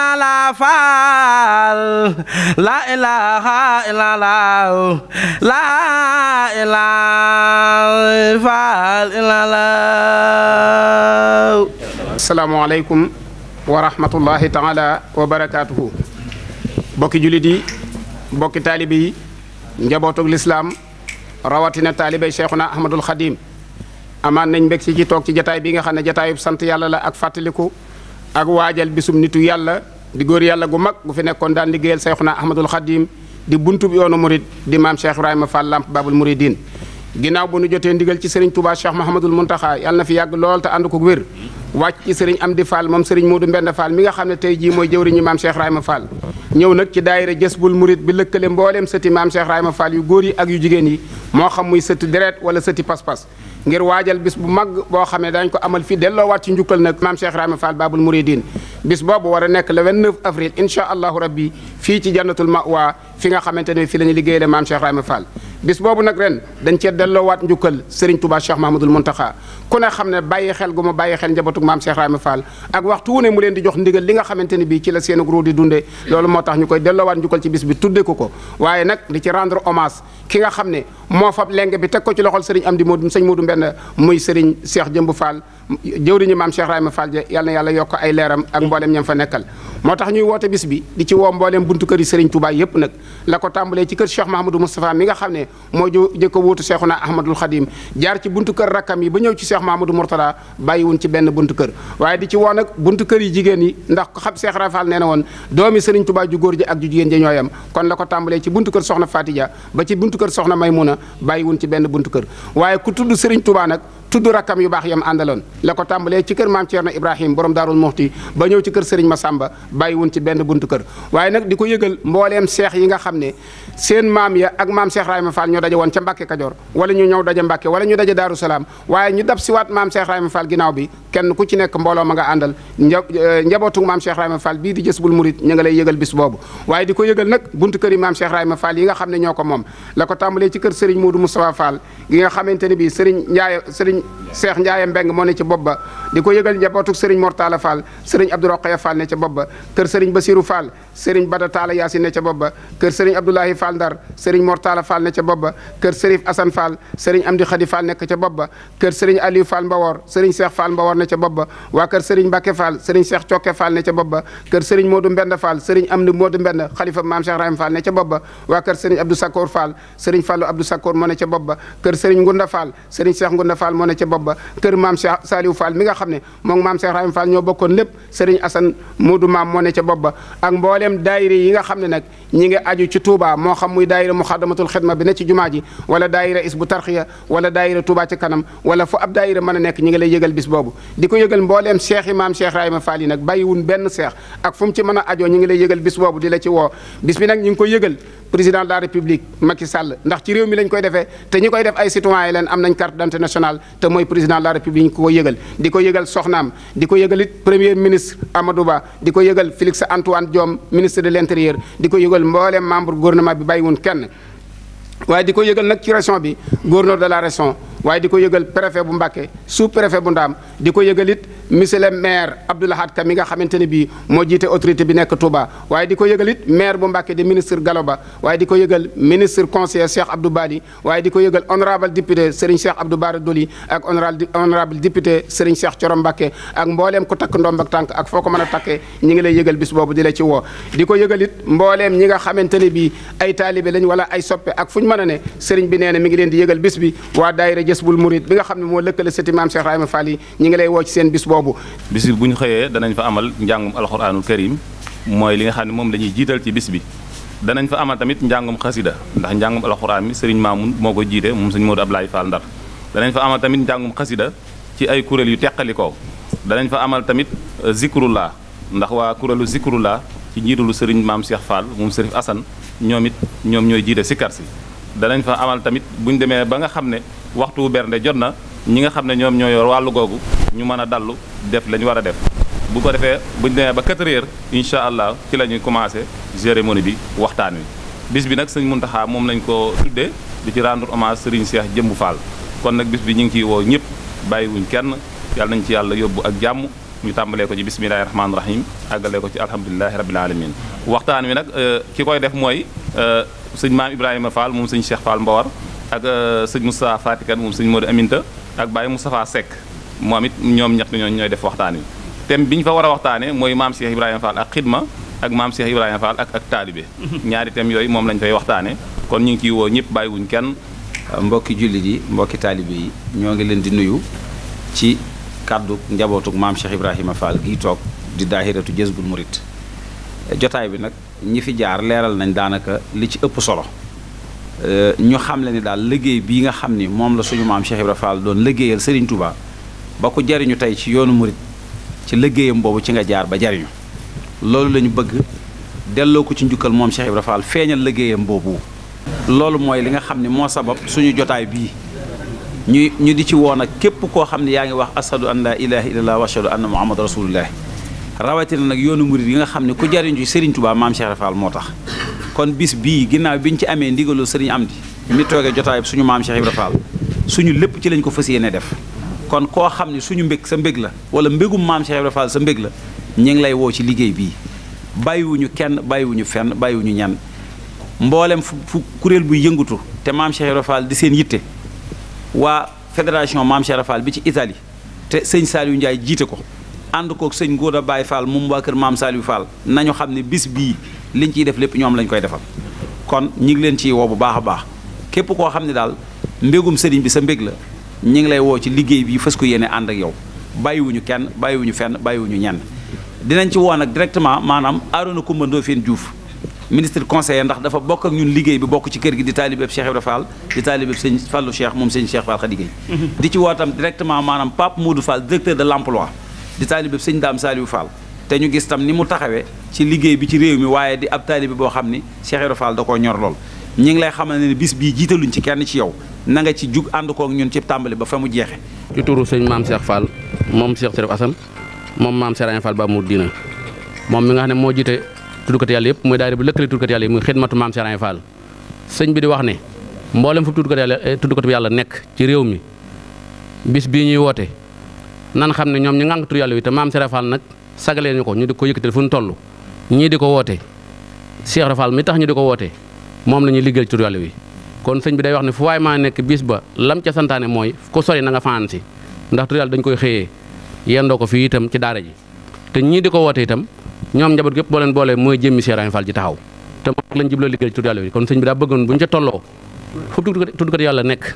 la la faal la ilaha illallah la ilaha faal illallah assalaamu aleykum wa rahmatullahi taala wa barakaatuhu bokki jullit yi bokki taalibe yi njabootug lislaam rawatina taalibey cheikhuna ahmadul xadim amaan nañ mbég ci ci toog ci jataay bi nga xam ne jataayub sant yàlla la ak fàttaliku ak waajal bisum nitu yàlla di góor yàlla gu mag gu fi nekkoon daan liggéeyal Seexuna Ahmadul Xadim di buntub yoonu murid di maam Cheikh Ibrahima Fall Lamp Babul Muridin ginnaaw bu nu jotee ndigal ci Serigne Touba Cheikh Mahamadul Muntaxa yàlla na fi yàgg lool te ànd ko wér wàcc ci sëriñ Amdi Fall moom sëriñ Modou Mbend Fall mi nga xam ne tey jii mooy jëwriñu maam Cheikh Rahima Fall ñëw nag ci daayira Jësbul Murid bi lëkkale mbooleem sëti maam Cheikh Rahima Fall yu góor yi ak yu jigéen yi moo xam muy sëti deret wala sëti pas-pas ngir waajal bis bu mag boo xam ne dañ ko amal fii delloowaat ci njukkal nag maam Cheikh Rahima Fall Babul Mouridine bis boobu war a nekk le 29 avril incha allahu rabbi fii ci jannatul mawa fi nga xamante ne fii la ñu liggéeyale maam Cheikh Rahima Fall bis boobu nag ren dañ cee delloowaat njukkal Serigne Touba Cheikh Mahmadul taxa ku ne xam ne bàyyi xel gu ma bàyyi xel njabootug maam Cheikh ma Fall ak waxtu wu ne mu leen di jox ndigal li nga xamante ni bii ci la seen ruu di dundee loolu moo tax ñu koy delloowaat njukkal ci bis bi tuddee ko ko waaye nag di ci rendre hommage ki nga xam ne moo fab leng bi teg ko ci loxol Serigne Amdi Modou sëñ Modou Mbenn muy Serigne Cheikh Jëmb Fall jëwriñu maam Cheikh Rahma Fall ja yàlla na yàlla yokk ay leeram ak mboolem ñam fa nekkal moo tax ñuy woote bis bi di ci woo mbooleem buntu kër yi Serigne Touba yépp nag la ko tàmbalee ci kër Cheikh Mahamadou Moustapha mi nga xam ne moo jëkk a wuutu Cheikhuna Ahmadul Khadim jaar ci buntu kër rakkam yi ba ñëw ci Cheikh Mahamadou Mourtada bàyyiwun ci benn buntu kër waaye di ci woo nag buntu kër yi jigéen yi ndax xam Cheikh Rafal nee na woon doomi sëriñ Touba ju góor ji ak ju jigéen ji ñooyam kon la ko tàmbalee ci buntu kër soxna Fatidia ba ci buntu kër soxna Maymuna bàyyiwun ci benn buntu kër waaye ku tudd Serigne Touba tudd rakkam yu baax yam àndaloon la ko tàmbalee ci kër maam Thierno Ibrahim borom daarul muxti ba ñëw ci kër Serigne Massamba bàyyiwun ci benn buntu kër waaye nag di ko yëgal mbooleem seex yi nga xam ne seen maam ya ak maam Cheikh Rahima Fall ñoo daje woon ca Mbàkke Kajoor wala ñu ñëw daje Mbàkke wala ñu daje Daaru Salaam waaye ñu dab siwaat maam ginnaaw bi ku ci nekk mbooloo ma nga àndal eh, njabootu maam di jës bul murit ñu nga lay yëgal bis boobu waaye di ko yëgal nag buntu kër yi maam Cheikh Rahima Fall yi nga xam ne ñoo ko moom la ko tàmbalee ci kër Serigne Modou Moustapha Fall gi nga xamante ne bii Serigne sëriñ Cheikh Ndiaye Mbeng moo ne ci bopp ba di ko yëgal njabootuk sëriñ Mortala Fall sëriñ Abdou Rokhaya ne ca bopp ba kër sëriñ Basirou Fall sëriñ Bada Talla ne ca bopp ba kër sëriñ Abdoulahi Fall Ndar sëriñ Mortala Fall ne ca bopp ba kër sëriñ Assane Fall sëriñ ba kër sëriñ Aliou Fall Mbawor ne ca bopp ba waa kër sëriñ Mbacke Fall sëriñ Cheikh Cokke Fall ne ca bopp ba kër sëriñ Modou Mbend Fall sëriñ Amdi Modou Mbend xalifa Maam Cheikh Rahim Fall ne ca bopp ba waa kër sëriñ Abdou Sakkoor Fall sëriñ Fallu Abdou Sakkoor moo ne ca bopp ba kër ne ci bobba keur mam Cheikh Saliou Fall mi nga xamne mo moom maam Cheikh Rahim Fall ñoo bokkoon lépp serigne Assane Modou mam mo ne ci bobba ak mbollem daire yi nga xamne nak ñi nga aju ci Touba mo xam muy daire muxadamatul khidma bi ne ci jumaaji wala daire isbu tarxiya wala daire Touba ci kanam wala fu ab daire meuna nek ñi nga lay yëgal bis bobu diko yëgal mbollem cheikh imam Cheikh rahim Fall yi nag bàyyiwun benn cheikh ak fu mu ci meuna aju ñi nga lay yëgal bis bobu di la ci wo bis bi nak ñi ko yëgal président de la république Macky Sall ndax ci réew mi lañ koy defé te ñi koy def ay citoyens leen am nañ carte d'identité nationale te moy président de la république ñu ko ko yëgal di ko yëgal soxnaam di yëgal it premier ministre Amadou Ba di ko yëgal Félix Antoine diom ministre de l'intérieur diko di ko yëgal mbooleem membre gouvernement bi bàyyiwun kenn waaye diko ko yëgal nag ci région bi gouverneur de la région waaye di ko yëgal préfet bu Mbàkke su préfet bu Ndaam di ko yëgal it le maire Abdou Lahad Ka mi nga xamante ne bii moo jiite autorité bi nekk Touba waaye di ko yëgal maire bu Mbàkke di ministre Gallo Ba waaye di ko yëgal ministre conseiller Cheikh Abdou Bali waaye di ko yëgal honorable député Serigne Cheikh Abdou Bara Doli ak honorable député Serigne Cheikh Thioro Mbàkke ak mbooleem ko takk ndomb ak tànk ak foo ko mën a takkee ñi ngi lay yëgal bis boobu di ci woo di ko yëgal it mbooleem ñi xamante ne bii ay taalibe lañ wala ay soppe ak fu ñu mën ne sëriñ bi nee na mi ngi leen di yëgal bis bi Jazbul Murid bi nga xam ne moo lëkkale sëti maam Cheikh Ibrahima Fall yi ñi ngi lay woo ci seen bis boobu bis bu ñu xëyee danañ fa amal njàngum alxuraanul karim mooy li nga xam ne moom lañuy jiital ci bis bi danañ fa amal tamit njàngum xasida ndax njàngum alxuraan mi sëriñ Maamun moo ko jiite moom sëñ Modou Ablaye Fall Ndar danañ fa amal tamit njàngum xasida ci ay kuréel yu teqalikoo danañ fa amal tamit euh, zikrullah ndax waa kuréelu zikrullah ci njiitalu sëriñ maam Cheikh Fall moom sërif Assane ñoom it ñoom ñooy jiite sikkar si danañ fa amal tamit buñ demee ba nga xam ne waxtu bernde jot na ñi nga xam ne ñoom ñoo yor wàllu googu ñu mën a dallu def la ñu war a def bu ko defee buñ demee ba 4 heures incha allah ci la ñuy commencé cérémonie bi waxtaan wi. bis bi nag sëñ Muntaxa moom lañ ko tuddee di ci rendre hommage Serigne Cheikh Jëmbu faal kon nag bis bi ñu ngi ciy woo ñëpp bàyyiwuñ kenn yàlla nañ ci yàlla yóbbu ak jàmm. ñu tàmbalee ko ci bismillahi rahmaani rahim àggalee ko ci alhamdulilahi rabil alamin waxtaan wi nag euh, ki koy def mooy euh, sëñ maam Ibrahima Fall moom sëñ Cheikh Fall Mbawar ak euh, sëñ Moustapha Fatikan moom sëñ Modou Aminta ak Baye Moustapha Seck moom it ñoom ñett ñooñu ñooy def waxtaan wi. thème bi ñu fa war a waxtaanee mooy maam Cheikh Ibrahima Fall ak xidma ak maam Cheikh Ibrahima Fall ak ak taalibe mhm. ñaari thèmes yooyu moom lañ fay waxtaanee kon ñu ngi ciy woo ñëpp bàyyiwuñ kenn. Euh, mbokki jullit yi mbokki taalibe yi ñoo ngi leen di nuyu ci kàddu njabootuk maam Cheikh Ibrahima Fall gii toog di daahiratu Jazbul Murit jotaay bi nag. ñi fi jaar leeral nañ daanaka li ci ëpp solo euh, ñu xam le ni daal liggéey bii nga xam ni moom la suñu maam Cheikh Ibra doon liggéeyal Serigne Touba ba ko jariñu tey ci yoonu murit ci liggéeyam boobu ci nga jaar ba jariñu loolu lañu bëgg delloo ko ci njukkal moom Cheikh Ibra Fall feeñal liggéeyam boobu loolu mooy li nga xam ne moo sabab suñu jotaay bii ñu ñu di ci woon ak képp koo xam ne yaa ngi wax ashadu an laa ilaha illallah wa ashadu anna rawatina nag yoonu murid yi nga xam ne ku jariñ ci Serigne Touba maam Cheikh Fall moo tax kon bis bii ginnaaw bi ñu ci amee ndigaloo am di mi toogee jotaay suñu maam Cheikh Ibra Fall suñu lépp ci lañ ko fas yéene def kon koo xam ne suñu mbég sa mbég la wala mbégum maam Cheikh Ibra sa mbég la ñu ngi lay woo ci liggéey bii bàyyiwuñu kenn bàyyiwuñu fenn bàyyiwuñu ñan mboolem fu fu kuréel buy yëngatu te maam Cheikh Ibra di seen yitte waa fédération maam Cheikh bi ci Italie te sëñ Saliou Ndiaye jiite ko ànd kook sëñ Ngóoda Baye faal moom waa kër maam Saliou Fall nañu xam ne bis bii liñ ciy def lépp ñoom lañ koy defal kon ñi ngi leen ciy woo bu baax a baax képp koo xam ne daal mbégum sëriñ bi sa mbég la ñi ngi lay woo ci liggéey bi fas ko yéene ànd ak yow bàyyiwuñu kenn bàyyiwuñu fenn bàyyiwuñu ñenn dinañ ci woo nag directement maanaam Arouna Coumba Ndoffène Diouf ministre conseiller ndax dafa bokk ak ñun liggéey bi bokk ci kër gi di taalibe Cheikh Ibrahima di taalibe sëñ Fallou Cheikh moom sëñ Cheikh Fall Khady Gueye di ci woo tam directement maanaam Pape Modou Fall directeur de di taalibe sëñ daam Saliou Fall te ñu gis tam ni mu taxawee ci liggéey bi ci réew mi waaye di ab taalibe boo xam ni Cheikh Ibra da koo ñor lool ñi ngi lay xamal ne bis bii jiitaluñ ci kenn ci yow nanga nga ci jug ànd kook ñun ci tàmbali ba fa mu jeexe ci turu sëñ maam Cheikh Fall moom Cheikh Serif Assane moom maam Serigne Fall ba mu diina moom mi nga xam ne moo jiite tuddkat yàlla yëpp muy daayira bu lëkkale tuddkat yàlla yi muy xidmatu maam sëñ bi di wax ne mboolem fu tuddkat yàlla eh, tuddkat yàlla nekk ci réew mi bis ñuy woote nan xamne ñom ñi ngank tur yalla wi te mam Serigne Fall nag sagalee ñu ko ñu di ko yëkkatil fu ñu Cheikh Rafal mi tax ñu diko woté mom lañu la tur yalla wi kon señ bi day wax ni fu way ma nek bis ba lam ci santane moy ko sori na nga fanaan si ndax tur yalla dañ koy xeyé yendo ko fi itam ci daara ji te ñi di woté woote itam ñoom njaboot gépp boo leen boolee mooy jëmmi cheikh rafal ji taxaw te moom lañ jiblo liggéeyal tur yalla wi kon señ bi da bëggoon buñ ci tollo fu tuddu ko yalla nek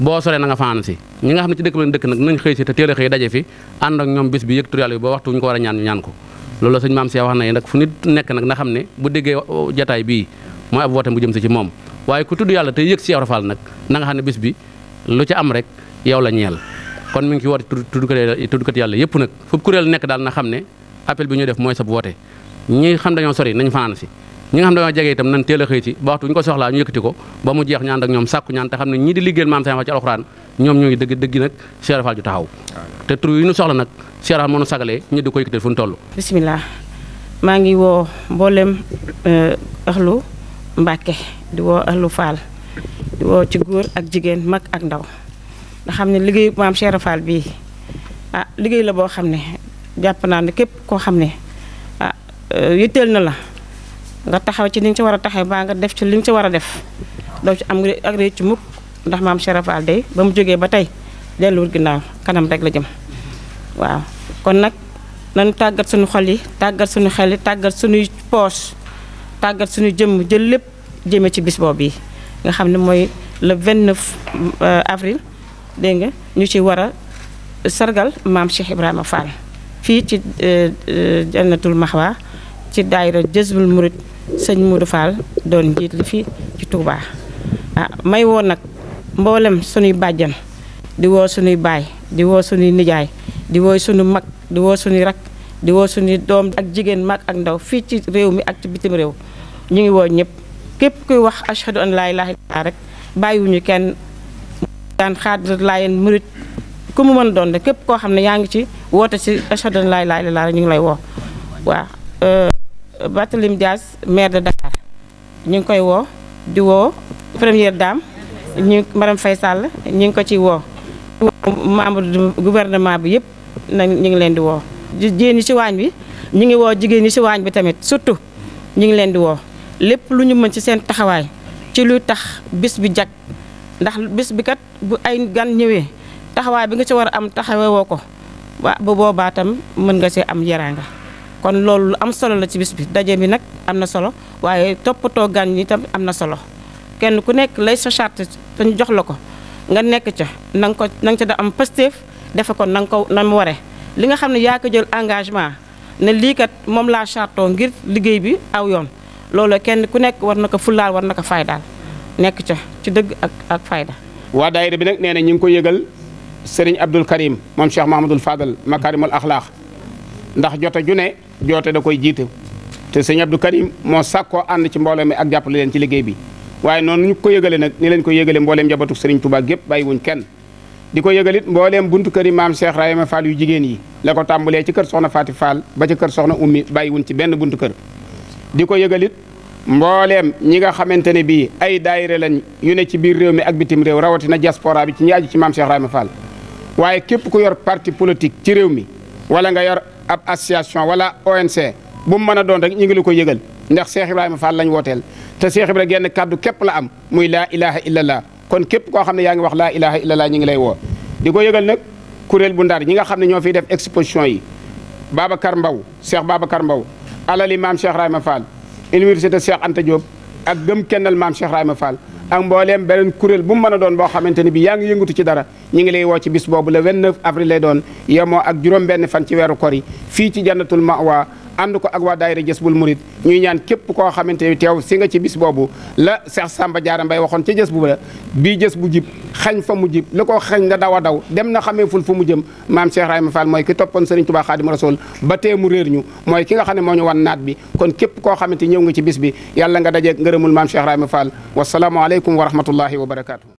boo soree na nga fanaan si ñi nga xam ne ci dëkk bi lañ dëkk nag nañ xëy si te teel a xëy daje fi ànd ak ñoom bis bi yëg tur yàlla a ko loolu la na nag nekk nag na xam ne bu déggee jataay bii mooy ab woote bu jëm ci moom waaye ku tudd yàlla te yëg Cheikh Rafal nag na nga xam ne bis bi lu ca am rek yow la ñeel kon mi ngi ci woote tuddkat tuddkat yàlla yëpp nag fu kuréel nekk daal na xam ne appel bi ñu def mooy sab woote ñi xam dañoo sori nañ fanaan si ñi nga xam ne dañoo jege itam nan teel a xëy ci ba waxtu ñu ko soxlaa ñu yëkkati ko ba mu jeex ñaan ak ñoom sàkku ñaan te xam ne ñii di liggéeyal maam Seex ci alxuraan ñoom nag Cheikh Fall ju taxaw te tur yi ñu soxla nag Cheikh Fall moo ñu sagalee ñu di ko yëkkati fu ñu maa ngi woo mboolem eh, ahlu Mbàkke di woo ahlu ak jigéen mag ak ndaw xam ne liggéey maam Cheikh Fall bii ah liggéey la boo xam ne jàpp naa ne képp koo xam ne ah eh, na la nga taxaw ci li nga ci war a taxaw nga def ci li nga ci war def do ci am ak re ci mukk ndax maam Cheikh Fall day ba mu jógee ba tay delu ginnaaw kanam rek la jëm waaw kon nak nañu tagat suñu xol yi tagat suñu xel yi tagat suñu poche tagat suñu jëm jël lépp jëme ci bis bobu nga xam moy le 29 avril de nga ñu ci wara sargal maam Cheikh Ibrahima Fall fi ci Jannatul Mahwa ci daayira Jazbul Murid sëñ Modou Fall doon njiit li fii ci Touba ah may woon nag mboolem sunuy bàjjan di woo sunuy baay di woo sunuy nijaay di woo sunu mag di woo sunuy rak di woo sunuy doom ak jigéen mag ak ndaw fii ci réew mi ak ci bitim réew ñu ngi woo ñëpp képp kuy wax ashhadu lay laa ilaaha rek bàyyiwuñu kenn daan xaadir laayeen murit ku mu mën doon de képp koo xam ne yaa ngi ci woote ci ashhadu an laa la illallaah ñu ngi lay woo waaw euh, Barthélémy Dias maire de Dakar ñu ngi koy woo di woo première daam ñu Marème Faye sàll ñu ngi ko ci woo membre du bi yëpp nag ñu ngi leen di woo jigéen ñi ci waañ bi ñu ngi woo jigéen ñi ci waañ bi tamit surtout ñu ngi leen di woo lépp lu ñu mën ci seen taxawaay ci luy tax bis bi jag ndax bis bi kat bu ay gan ñëwee taxawaay bi nga ci war a am taxawee woo ko waa bu boobaa tam mën nga ci am yaraanga kon loolu lu am solo la ci bis bi daje bi nag am na solo waaye toppatoo gan ñi tam am na solo kenn ku nekk lay sa charte te ñu jox la ko nga nekk ca na nga ko na nga ca da am pasteef defe ko na nga ko na mu waree li nga xam ne yaa ko jël engagement ne lii kat moom laa chartoo ngir liggéey bi aw yoon loolu kenn ku nekk war na ko fullaal war na ko faydaal nekk ca ci dëgg ak ak fayda. waa daayira bi nag nee na ñu ngi ko yëgal Serigne Abdoul Karim moom Cheikh Mahamadul Fadal Makarimal Akhlaq ndax jote ju ne joote da koy jiite te sëñ Abdou Karim moo sàkkoo ànd ci mbooloo mi ak jàppale leen ci liggéey bi waaye noonu ñu ko yëgale nag ni leen ko yëgale mbooleem njabootu sëriñ Touba gépp kenn di ko yëgalit mbooleem buntu kër yi maam Cheikh Rayma Fall yu jigéen yi la ko tàmbalee ci kër soxna Faati Fall ba ci kër soxna ummi bàyyiwuñ ci benn buntu kër di ko yëgalit mbooleem ñi nga xamante ne bii ay daayire lañ yu ne ci biir réew mi ak bitim réew rawatina diaspora bi ci ñi ci maam Cheikh Rayma Fall képp ku yor parti politique ci réew mi wala nga yor ab association wala ONC bu mu mën a doon rek ñu ngi la ko yëgal ndax Cheikh Ibrahima Fall lañ wooteel te Cheikh Ibrahima genn kàddu képp la am muy laa ilaha illallah kon képp koo xam ne yaa ngi wax laa ilaha illallah ñu ngi lay woo di ko yëgal nag kuréel bu ndar ñi nga xam ne ñoo fiy def exposition yi Babacar Mbaw Cheikh Babacar Mbaw alali maam Cheikh Ibrahima Fall université Cheikh Anta Diop ak gëm kennal maam Cheikh ma Fall ak mbooleem beneen kuréel bu mu a doon boo xamante ni bi yaa ngi yëngatu ci dara ñu ngi woo ci bis boobu le 29 avril lay doon yemoo ak juróom benn fan ci weeru kor yi fii ci ma mawa ànd ko ak waa daayira Jazbul Murid ñuy ñaan képp koo xamante ni teew si nga ci bis boobu la Cheikh Samba Diarra Mbaye waxoon ca jës bu la bii jës bu jib xañ fa mu jib la ko xañ na daw a daw dem na xamee ful fu mu jëm maam Cheikh Rahima Fall mooy ki toppoon Serigne Touba Khadim Rasoul ba tee mu réer ñu mooy ki nga xam ne moo ñu wan naat bi kon képp koo xamante ñëw nga ci bis bi yàlla nga dajeeg ngërëmul maam Cheikh Rahima Fall wasalaamualeykum wa rahmatullahi wa